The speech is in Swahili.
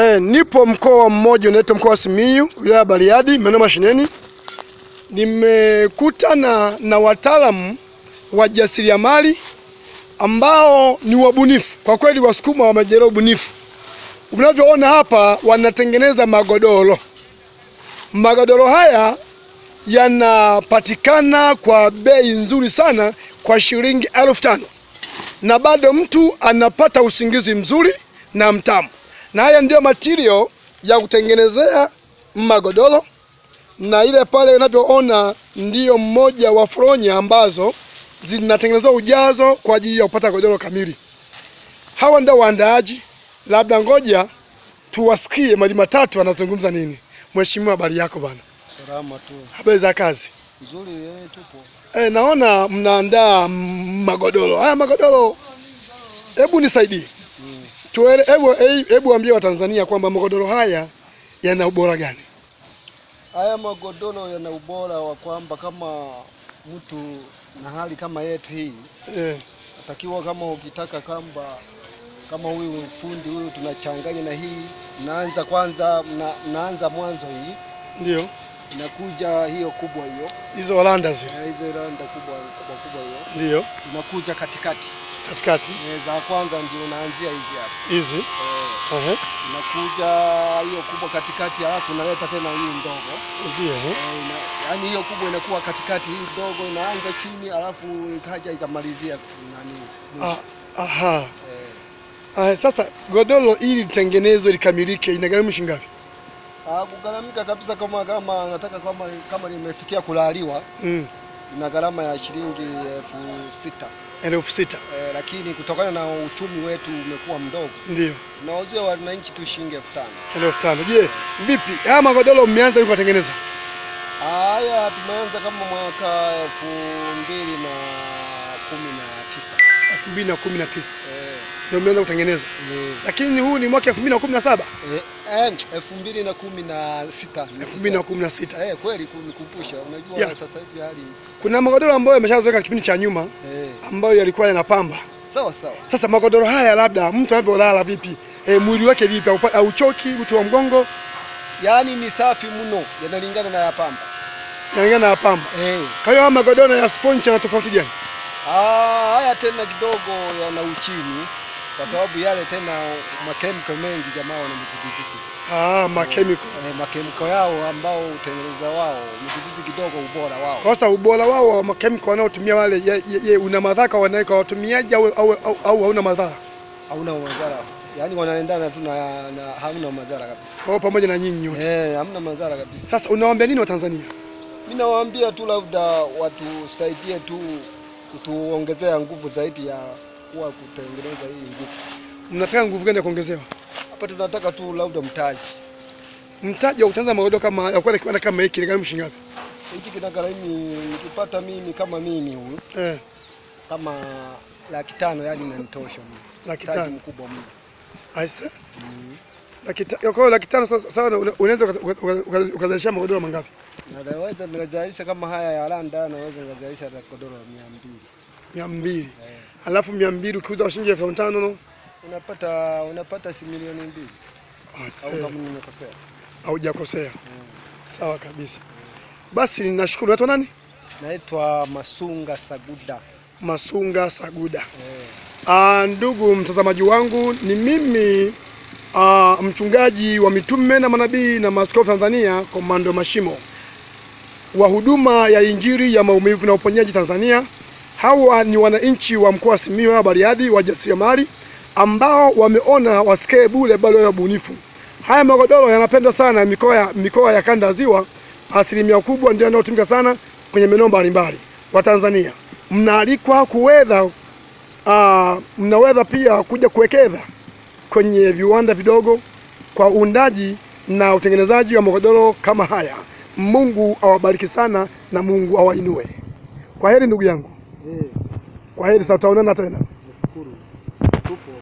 E, nipo mkoa mmoja unaitwa mkoa wa Simiyu, wilaya ya Bariadi, maeneo mashineni. Nimekutana na wataalamu jasiriamali ambao ni wabunifu kwa kweli. Wasukuma wamejerea ubunifu, unavyoona hapa wanatengeneza magodoro. Magodoro haya yanapatikana kwa bei nzuri sana kwa shilingi elfu tano na bado mtu anapata usingizi mzuri na mtamu na haya ndiyo material ya kutengenezea magodoro, na ile pale unavyoona ndiyo mmoja wa fronya ambazo zinatengenezwa ujazo kwa ajili ya kupata godoro kamili. Hawa ndio waandaaji, labda ngoja tuwasikie mali matatu anazungumza nini. Mheshimiwa, habari yako bana? Salama tu. Habari za kazi? Nzuri, yeye eh, tupo. Eh, naona mnaandaa magodoro haya magodoro, hebu nisaidie tuele, hebu hebu waambie Watanzania kwamba magodoro haya yana ubora gani? Haya magodoro yana ubora wa kwamba kama mtu na hali kama yetu hii yeah. Atakiwa kama ukitaka kamba kama huyu ufundi huyu tunachanganya na hii, naanza kwanza, mnaanza naanza mwanzo hii ndio inakuja hiyo kubwa hiyo, hizo randa zile, eh, hizo randa kubwa kubwa kubwa hiyo ndio inakuja katikati katikati eh, za kwanza ndio unaanzia hizi hapa hizi eh, uh -huh. Unakuja hiyo kubwa katikati, halafu unaleta tena hii ndogo ndio eh, yaani hiyo kubwa inakuwa katikati, hii ndogo inaanza chini, halafu ikaja ikamalizia nani ah, aha eh. Ah, sasa godoro ili litengenezwe likamilike inagharimu shilingi ngapi? Ah, kugharamika kabisa kama kama nataka kama kama limefikia kulaliwa. mm. ina gharama ya shilingi elfu sita elfu sita e, lakini kutokana na uchumi wetu umekuwa mdogo, ndio tunawauzia wananchi tu shilingi elfu tano elfu tano Je, vipi haya magodoro mmeanza yuko kutengeneza haya? Tumeanza kama mwaka elfu mbili na kumi na tisa elfu mbili na kumi na tisa e ndio mmeanza kutengeneza mm. Lakini huu ni mwaka 2017 eh, 2016 eh, 2016 eh, kweli kunikumbusha, unajua yeah. Sasa hivi hali kuna magodoro ambayo yameshazoweka kipindi cha nyuma eh, ambayo yalikuwa yanapamba sawa sawa. Sasa magodoro haya labda mtu anavyolala vipi, eh, mwili wake vipi, au choki mtu wa mgongo, yaani ni safi mno, yanalingana na yapamba, yanalingana na yapamba eh. Kwa hiyo magodoro ya sponge yana tofauti gani? Ah, haya tena kidogo yana uchini kwa sababu yale tena makemiko mengi jamaa wana ah, makemiko eh, eh, makemiko yao ambao utengeneza wao mikijiji kidogo, ubora wao. Sasa ubora wao wa makemiko wanaotumia wale, ye, ye, una madhara wanaweka watumiaji au au au hauna madhara? Hauna madhara, yaani wanaendana tu na, na hauna madhara kabisa Kwa pamoja na nyinyi wote eh, hamna madhara kabisa. Sasa unawaambia nini Watanzania? Mimi nawaambia tu labda watusaidie tu kutuongezea nguvu zaidi ya kuwa kutengeneza hii nguvu. Mnataka nguvu gani ya kuongezewa? Hapa tunataka tu labda mtaji. Mtaji wa kutanza magodo kama ya kuwa kiwanda kama hiki ni gani mshingi ngapi? Hiki kinagharimu nikipata mimi kama mimi huyu. Eh. Kama laki tano yani inanitosha mimi. Laki tano mkubwa mimi. Aisa. Mm. Laki tano kwa laki tano sawa, unaweza ukazalisha magodoro mangapi? Naweza nikazalisha kama haya ya Randa, naweza nikazalisha magodoro 200 mia mbili alafu mia mbili ukiuza shilingi elfu tano no? unapata unapata si milioni mbili ah, haujakosea. Mm. Sawa kabisa. Mm. Basi nashukuru. Unaitwa nani? Naitwa Masunga Saguda. Masunga Saguda. Mm. Eh. Aa, ah, ndugu mtazamaji wangu ni mimi aa, ah, mchungaji wa mitume na manabii na maaskofu Tanzania, Komando Mashimo wa huduma ya Injili ya maumivu na uponyaji Tanzania. Hawa ni wananchi wa mkoa wa Simiyu na Bariadi, wajasiriamali ambao wameona wasikae bure, bali wawe wabunifu. Haya magodoro yanapendwa sana mikoa ya, mikoa ya kanda ya Ziwa, asilimia kubwa ndio yanayotumika sana kwenye maeneo mbalimbali. Watanzania mnaalikwa kuweza uh, mnaweza pia kuja kuwekeza kwenye viwanda vidogo kwa uundaji na utengenezaji wa magodoro kama haya. Mungu awabariki sana na Mungu awainue. Kwa heri ndugu yangu. Kwa heri, sasa tutaonana tena.